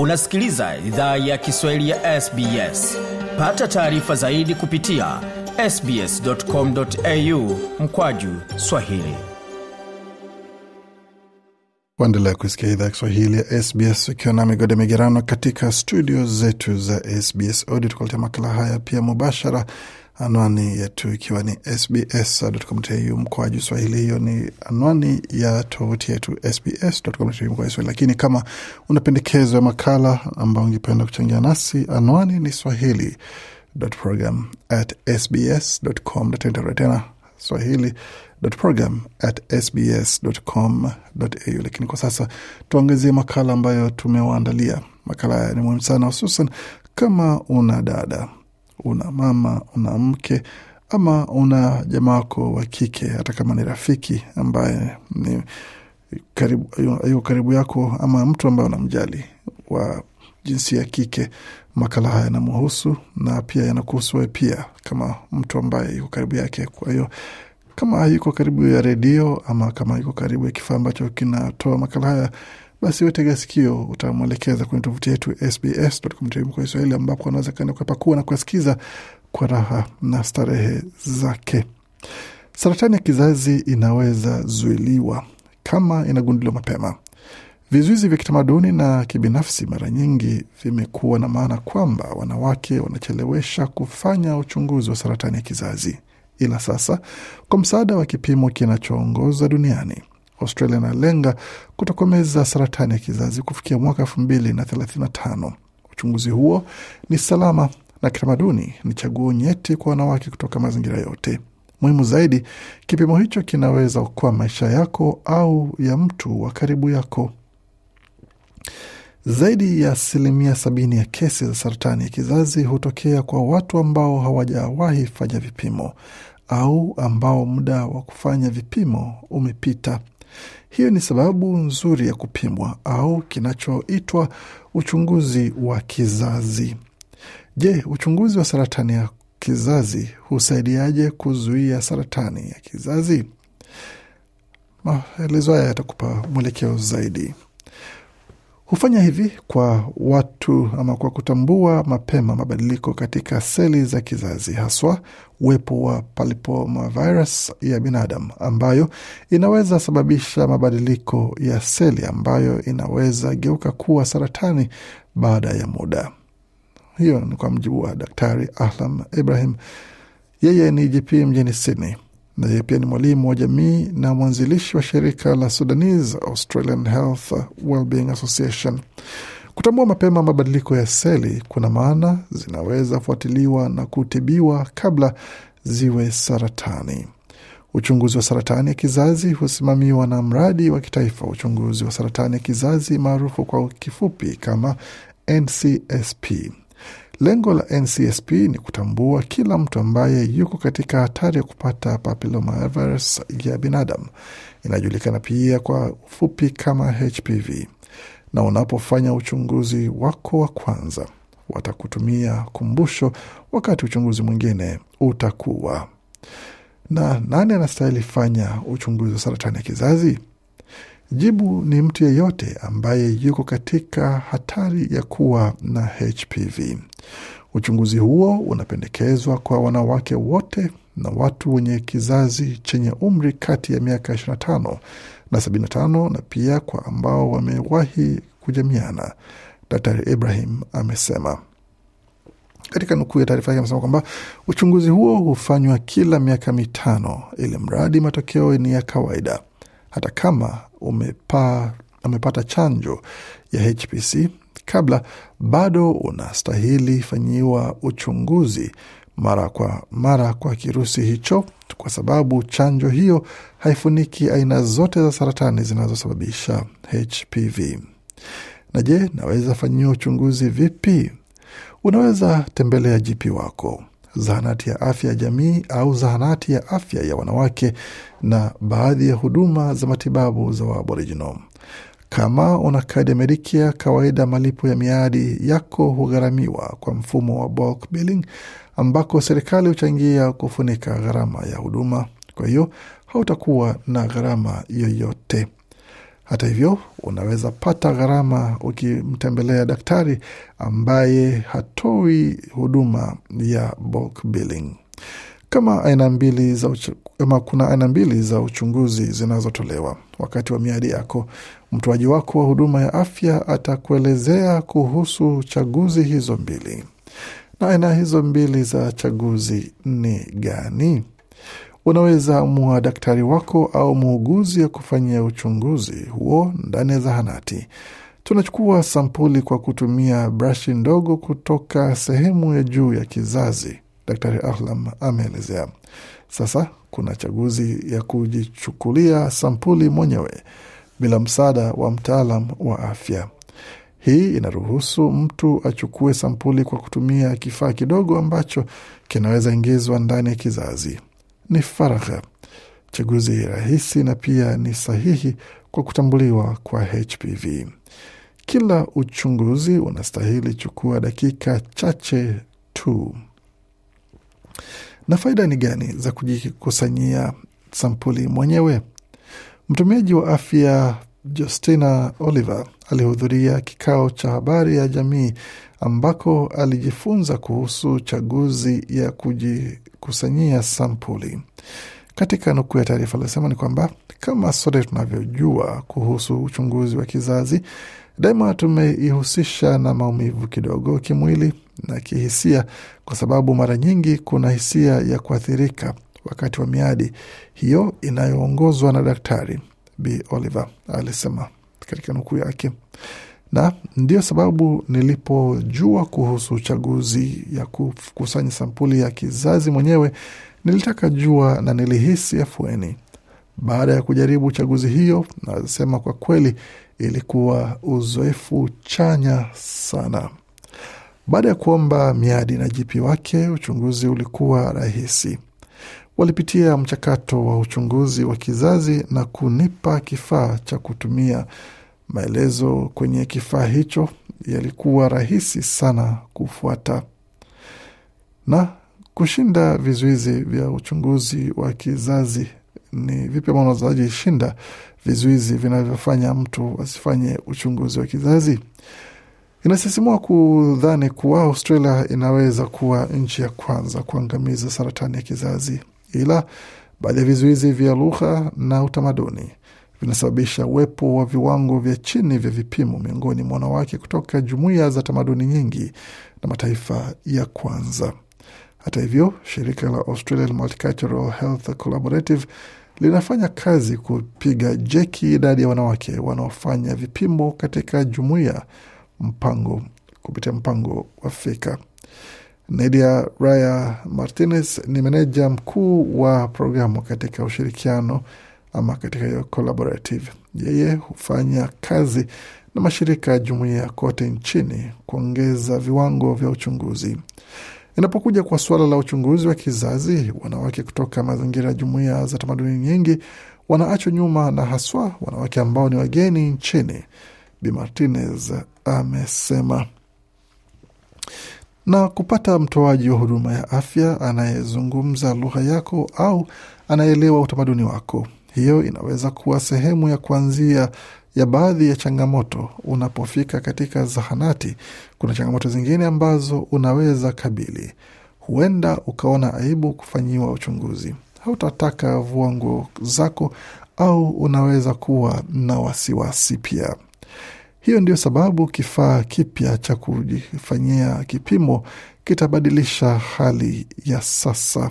unasikiliza idhaa ya kiswahili ya sbs pata taarifa zaidi kupitia sbscomau mkwaju swahili waendelea kuisikia idhaa ya kiswahili ya sbs ukiwa na migode migerano katika studio zetu za sbs audio tukuletea makala haya pia mubashara anwani yetu ikiwa ni sbs.com.au mkoaju swahili. Hiyo ni anwani ya tovuti yetu sbs.com.au swahili. Lakini kama una pendekezo ya makala ambayo ungependa kuchangia nasi, anwani ni swahili.program@sbs.com.au. Tena swahili.program@sbs.com.au. Lakini kwa sasa tuangazie makala ambayo tumewaandalia. Makala haya ni muhimu sana, hususan kama una dada una mama, una mke ama una jamaa wako wa kike, hata kama ni rafiki ambaye ni karibu, yu karibu yako ama mtu ambaye unamjali wa jinsia ya kike. Makala haya yanamhusu na pia yanakuhusu wewe pia kama mtu ambaye yuko karibu yake. Kwa hiyo kama yuko karibu ya redio ama kama yuko karibu ya kifaa ambacho kinatoa makala haya basi wetega sikio utamwelekeza kwenye tovuti yetu sbs.com ambapo anaweza kaenda kapakua na kuasikiza kwa raha na starehe zake. Saratani ya kizazi inaweza zuiliwa kama inagunduliwa mapema. Vizuizi vya kitamaduni na kibinafsi mara nyingi vimekuwa na maana kwamba wanawake wanachelewesha kufanya uchunguzi wa saratani ya kizazi, ila sasa kwa msaada wa kipimo kinachoongoza duniani Australia analenga kutokomeza saratani ya kizazi kufikia mwaka elfu mbili na thelathini na tano. Uchunguzi huo ni salama na kitamaduni ni chaguo nyeti kwa wanawake kutoka mazingira yote. Muhimu zaidi, kipimo hicho kinaweza kuwa maisha yako au ya mtu wa karibu yako. Zaidi ya asilimia sabini ya kesi za saratani ya kizazi hutokea kwa watu ambao hawajawahi fanya vipimo au ambao muda wa kufanya vipimo umepita. Hiyo ni sababu nzuri ya kupimwa au kinachoitwa uchunguzi wa kizazi. Je, uchunguzi wa saratani ya kizazi husaidiaje kuzuia saratani ya kizazi? Maelezo haya yatakupa mwelekeo zaidi. Hufanya hivi kwa watu ama kwa kutambua mapema mabadiliko katika seli za kizazi, haswa uwepo wa palipomavirus ya binadamu ambayo inaweza sababisha mabadiliko ya seli ambayo inaweza geuka kuwa saratani baada ya muda. Hiyo ni kwa mjibu wa Daktari Ahlam Ibrahim, yeye ni GP mjini Sydney na yeye pia ni mwalimu wa jamii na mwanzilishi wa shirika la Sudanese Australian Health Wellbeing Association. Kutambua mapema mabadiliko ya seli kuna maana zinaweza fuatiliwa na kutibiwa kabla ziwe saratani. Uchunguzi wa saratani ya kizazi husimamiwa na mradi wa kitaifa wa uchunguzi wa saratani ya kizazi maarufu kwa kifupi kama NCSP. Lengo la NCSP ni kutambua kila mtu ambaye yuko katika hatari ya kupata papillomavirus ya binadamu, inajulikana pia kwa ufupi kama HPV, na unapofanya uchunguzi wako wa kwanza watakutumia kumbusho, wakati uchunguzi mwingine utakuwa na nani anastahili fanya uchunguzi wa saratani ya kizazi. Jibu ni mtu yeyote ambaye yuko katika hatari ya kuwa na HPV. Uchunguzi huo unapendekezwa kwa wanawake wote na watu wenye kizazi chenye umri kati ya miaka 25 na 75 na pia kwa ambao wamewahi kujamiana, Daktari Ibrahim amesema. Katika nukuu ya taarifa yake amesema kwamba uchunguzi huo hufanywa kila miaka mitano, ili mradi matokeo ni ya kawaida, hata kama umepa, umepata chanjo ya HPC kabla, bado unastahili fanyiwa uchunguzi mara kwa mara kwa kirusi hicho, kwa sababu chanjo hiyo haifuniki aina zote za saratani zinazosababisha HPV. Na je, naweza fanyiwa uchunguzi vipi? Unaweza tembelea GP wako zahanati ya afya ya jamii au zahanati ya afya ya wanawake na baadhi ya huduma za matibabu za Waaboriginal. Kama una kadi ya kawaida malipo ya miadi yako hugharamiwa kwa mfumo wa bulk billing, ambako serikali huchangia kufunika gharama ya huduma. Kwa hiyo hautakuwa na gharama yoyote. Hata hivyo, unaweza pata gharama ukimtembelea daktari ambaye hatoi huduma ya bulk billing. Kama aina mbili za ama kuna aina mbili za uchunguzi zinazotolewa wakati wa miadi yako. Mtoaji wako wa huduma ya afya atakuelezea kuhusu chaguzi hizo mbili. Na aina hizo mbili za chaguzi ni gani? Unaweza mua daktari wako au muuguzi kufanyia uchunguzi huo ndani ya zahanati. Tunachukua sampuli kwa kutumia brashi ndogo kutoka sehemu ya juu ya kizazi, Daktari Ahlam ameelezea. Sasa kuna chaguzi ya kujichukulia sampuli mwenyewe bila msaada wa mtaalam wa afya. Hii inaruhusu mtu achukue sampuli kwa kutumia kifaa kidogo ambacho kinaweza ingizwa ndani ya kizazi ni faragha, chaguzi rahisi na pia ni sahihi kwa kutambuliwa kwa HPV. Kila uchunguzi unastahili chukua dakika chache tu. Na faida ni gani za kujikusanyia sampuli mwenyewe? Mtumiaji wa afya Justina Oliver alihudhuria kikao cha habari ya jamii ambako alijifunza kuhusu chaguzi ya kujikusanyia sampuli. Katika nukuu ya taarifa alisema ni kwamba kama sote tunavyojua kuhusu uchunguzi wa kizazi, daima tumeihusisha na maumivu kidogo kimwili na kihisia, kwa sababu mara nyingi kuna hisia ya kuathirika wakati wa miadi hiyo inayoongozwa na daktari B Oliver alisema katika nukuu yake, na ndiyo sababu nilipojua kuhusu chaguzi ya kukusanya sampuli ya kizazi mwenyewe nilitaka jua na nilihisi afueni baada ya kujaribu uchaguzi hiyo. Nasema kwa kweli, ilikuwa uzoefu chanya sana. Baada ya kuomba miadi na jipi wake, uchunguzi ulikuwa rahisi walipitia mchakato wa uchunguzi wa kizazi na kunipa kifaa cha kutumia. Maelezo kwenye kifaa hicho yalikuwa rahisi sana kufuata na kushinda vizuizi vya uchunguzi wa kizazi. Ni vipi ambao shinda vizuizi vinavyofanya mtu asifanye uchunguzi wa kizazi? Inasisimua kudhani kuwa Australia inaweza kuwa nchi ya kwanza kuangamiza saratani ya kizazi ila baadhi ya vizuizi vya lugha na utamaduni vinasababisha uwepo wa viwango vya chini vya vipimo miongoni mwa wanawake kutoka jumuiya za tamaduni nyingi na mataifa ya kwanza. Hata hivyo, shirika la Australian Multicultural Health Collaborative linafanya kazi kupiga jeki idadi ya wanawake wanaofanya vipimo katika jumuiya mpango kupitia mpango wa Afrika. Nadia Raya Martinez ni meneja mkuu wa programu katika ushirikiano ama katika hiyo collaborative. Yeye hufanya kazi na mashirika ya jumuiya kote nchini kuongeza viwango vya uchunguzi. Inapokuja kwa suala la uchunguzi wa kizazi, wanawake kutoka mazingira ya jumuiya za tamaduni nyingi wanaachwa nyuma, na haswa wanawake ambao ni wageni nchini, Bi Martinez amesema na kupata mtoaji wa huduma ya afya anayezungumza lugha yako au anaelewa utamaduni wako. Hiyo inaweza kuwa sehemu ya kuanzia ya baadhi ya changamoto unapofika katika zahanati. Kuna changamoto zingine ambazo unaweza kabili. Huenda ukaona aibu kufanyiwa uchunguzi, hautataka vua nguo zako, au unaweza kuwa na wasiwasi pia. Hiyo ndio sababu kifaa kipya cha kujifanyia kipimo kitabadilisha hali ya sasa.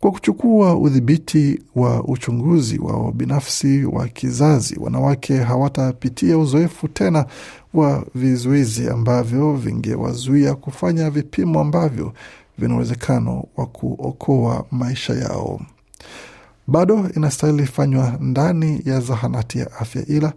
Kwa kuchukua udhibiti wa uchunguzi wao binafsi wa kizazi, wanawake hawatapitia uzoefu tena wa vizuizi ambavyo vingewazuia kufanya vipimo ambavyo vina uwezekano wa kuokoa maisha yao. Bado inastahili fanywa ndani ya zahanati ya afya, ila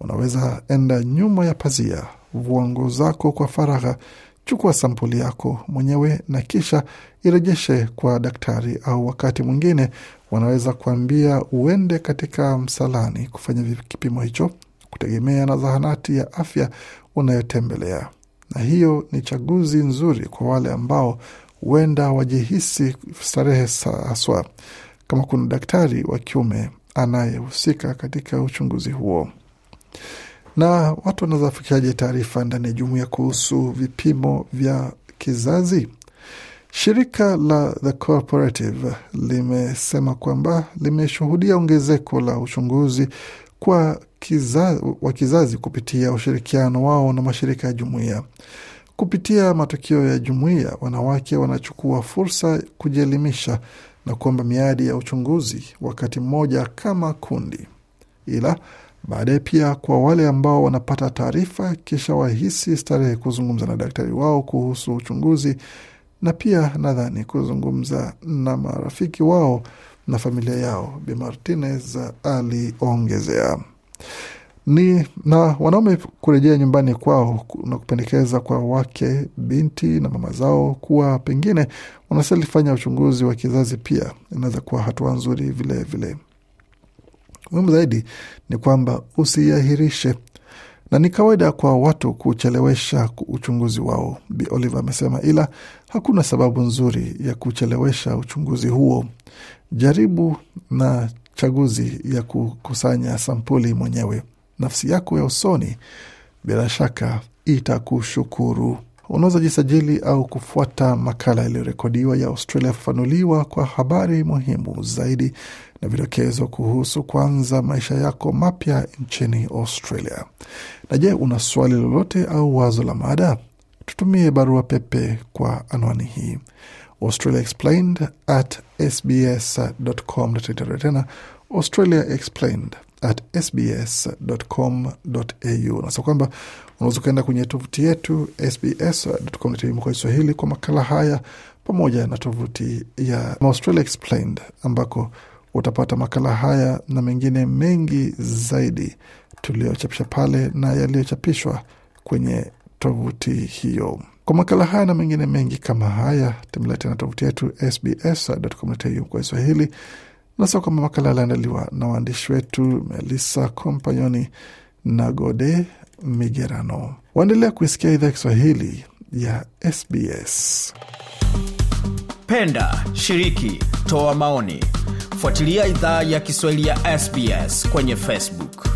Unaweza enda nyuma ya pazia vua nguo zako kwa faragha, chukua sampuli yako mwenyewe na kisha irejeshe kwa daktari, au wakati mwingine wanaweza kuambia uende katika msalani kufanya kipimo hicho, kutegemea na zahanati ya afya unayotembelea. Na hiyo ni chaguzi nzuri kwa wale ambao huenda wajihisi starehe haswa, kama kuna daktari wa kiume anayehusika katika uchunguzi huo. Na watu wanazafikiaje taarifa ndani ya jumuiya kuhusu vipimo vya kizazi? Shirika la The Cooperative limesema kwamba limeshuhudia ongezeko la uchunguzi kwa kiza, wa kizazi kupitia ushirikiano wao na mashirika ya jumuiya. Kupitia matukio ya jumuiya, wanawake wanachukua fursa kujielimisha na kuomba miadi ya uchunguzi wakati mmoja kama kundi, ila Baadaye pia kwa wale ambao wanapata taarifa kisha wahisi starehe kuzungumza na daktari wao kuhusu uchunguzi, na pia nadhani kuzungumza na marafiki wao na familia yao, Bi Martinez aliongezea ni na wanaume kurejea nyumbani kwao na kupendekeza kwa wake, binti na mama zao kuwa pengine wanasalifanya uchunguzi wa kizazi. Pia inaweza kuwa hatua nzuri vilevile. Muhimu zaidi ni kwamba usiahirishe, na ni kawaida kwa watu kuchelewesha uchunguzi wao, Bi Oliver amesema, ila hakuna sababu nzuri ya kuchelewesha uchunguzi huo. Jaribu na chaguzi ya kukusanya sampuli mwenyewe. Nafsi yako ya usoni bila shaka itakushukuru. Unaweza jisajili au kufuata makala yaliyorekodiwa ya Australia Fafanuliwa kwa habari muhimu zaidi na vidokezo kuhusu kuanza maisha yako mapya nchini Australia. Na je, una swali lolote au wazo la mada? Tutumie barua pepe kwa anwani hii Australia Explained at sbs.com. E tena Australia Explained at sbs.com.au. Nasa kwamba unaweza ukaenda kwenye tovuti yetu sbs.com.au kwa Kiswahili kwa makala haya pamoja na tovuti ya Australia Explained ambako utapata makala haya na mengine mengi zaidi tuliyochapisha pale na yaliyochapishwa kwenye tovuti hiyo. Kwa makala haya na mengine mengi kama haya, tembelea tena tovuti yetu sbs.com.au kwa Kiswahili Unasema kwamba makala yaliandaliwa na waandishi wetu Melissa Kompanyoni na Gode Migerano. Waendelea kuisikia idhaa ya Kiswahili ya SBS. Penda, shiriki, toa maoni, fuatilia idhaa ya Kiswahili ya SBS kwenye Facebook.